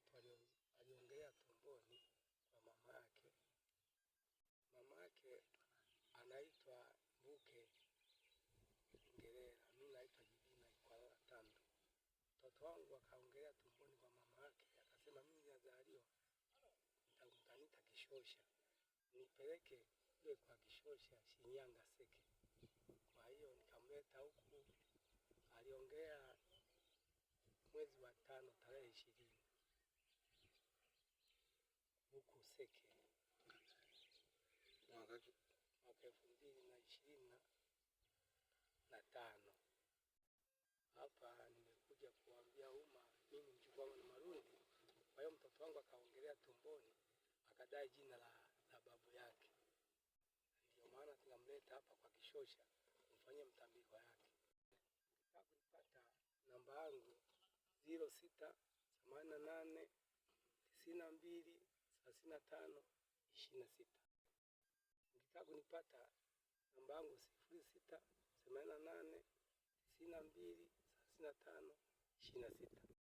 mtoto aliongelea tumboni kwa mama yake. Mama yake anaitwa Mbuke Ngerera, mimi naitwa Jidina Ikwalala Tandu. Mtoto wangu akaongelea tumboni kwa mama yake, akasema mimi nazaliwa nitanita Kishosha, nipeleke iwe kwa Kishosha Shinyanga Seke. Kwa hiyo nikamleta huku, aliongea mwezi wa tano tarehe ishirini Kaseke mwaka elfu mbili na ishirini na tano. Hapa nimekuja kuambia umma, mimi mjukuu wangu ni Marundi. Kwa hiyo mtoto wangu akaongelea tumboni, akadai jina la, la babu yake, ndio maana tunamleta hapa kwa Kishosha mfanyie mtambiko yake. Ukitaka kuipata namba yangu ziro sita themanini na nane tisini na mbili thelathini na tano ishirini na sita. Ukitaka kunipata namba yangu sifuri sita themanini na nane tisini na mbili thelathini na tano ishirini na sita.